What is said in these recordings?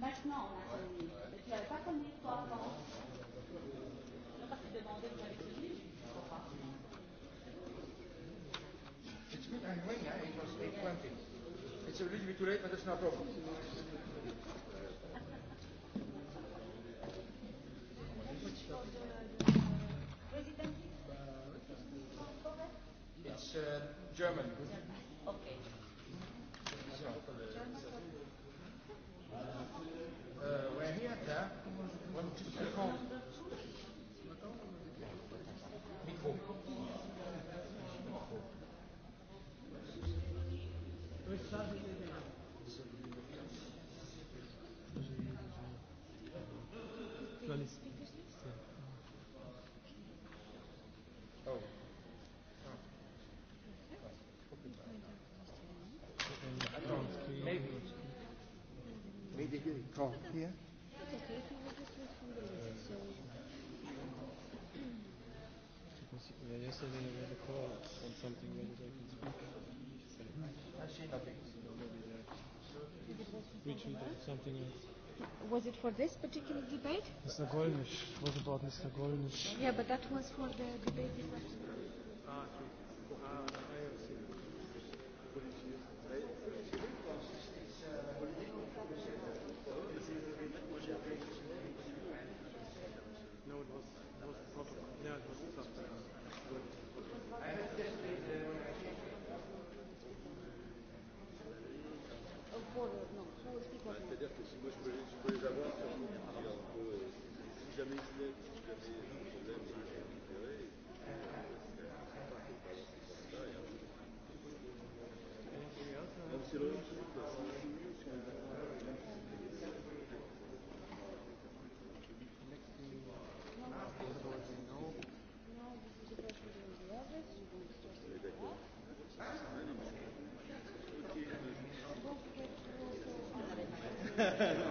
Maintenant, on a connu. Mais tu n'avais pas connu, toi, avant. Je ne pas si demandé, vous avez connu. It's good I'm winning. It's a little bit too late, but that's no problem. It's uh, German. Okay. So, Uh, we're here, sir. One, two, three, four. call here? Yesterday I had a call on something where they can speak. Actually, nothing. We something else. Was it for this particular debate? Mr. Golnisch. What about Mr. Golnisch? Yeah, but that was for the debate this afternoon. Ah, ah, I have seen. Yeah. you.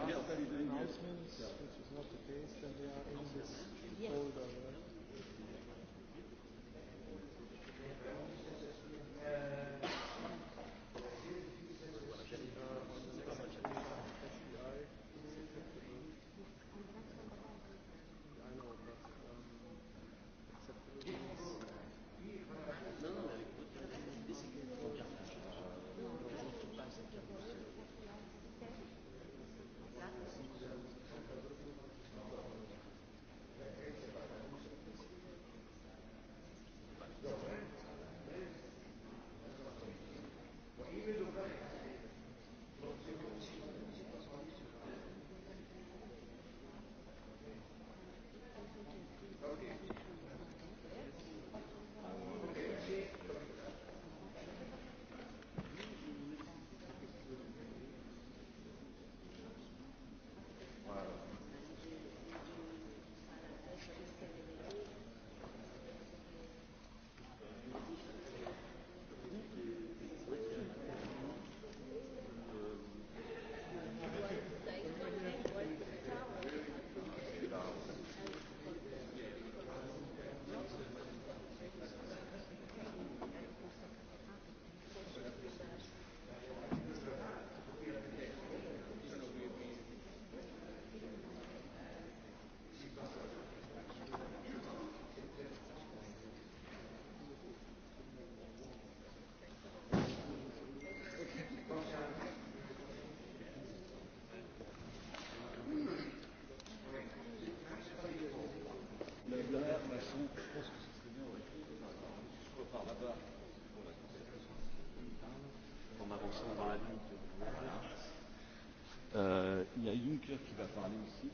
Euh, il y a Juncker qui va parler aussi.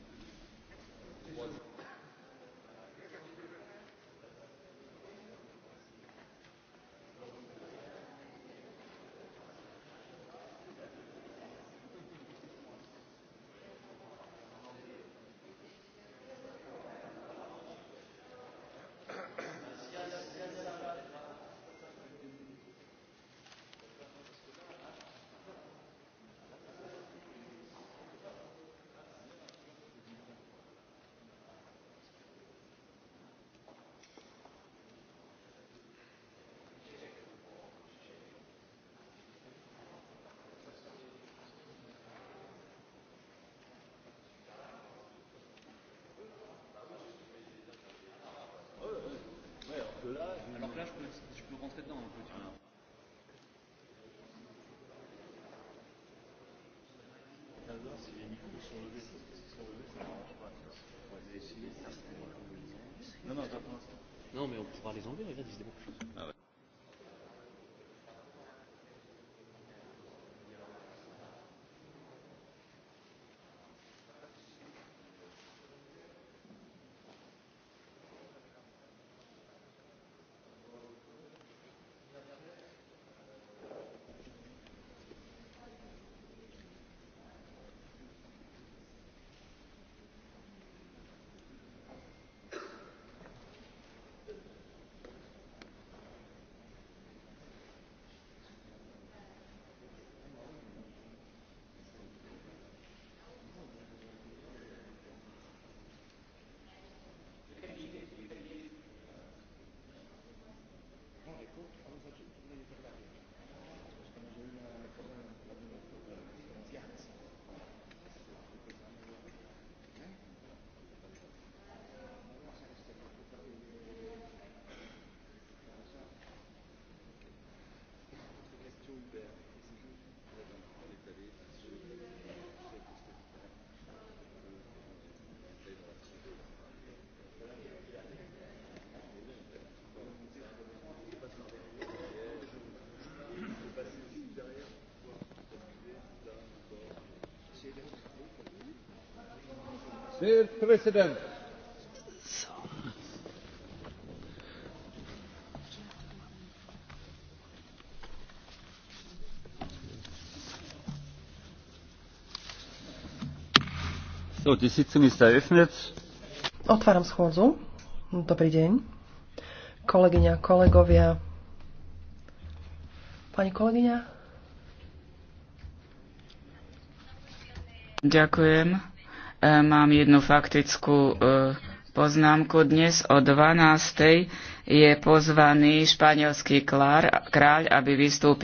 que là. je Alors que là, je peux, je peux rentrer dedans un peu, tu vois. si les micros sont levés. S'ils sont levés, ça essayer de Non, non, l'instant. Non, mais on pourra les enlever, regarde, ils se débrouillent. Ah ouais. Otváram schôdzu. Dobrý deň. Kolegyňa, kolegovia. Pani kolegyňa. Ďakujem. E, mám jednu faktickú e, poznámku. Dnes o 12.00 je pozvaný španielský kráľ, aby vystúpil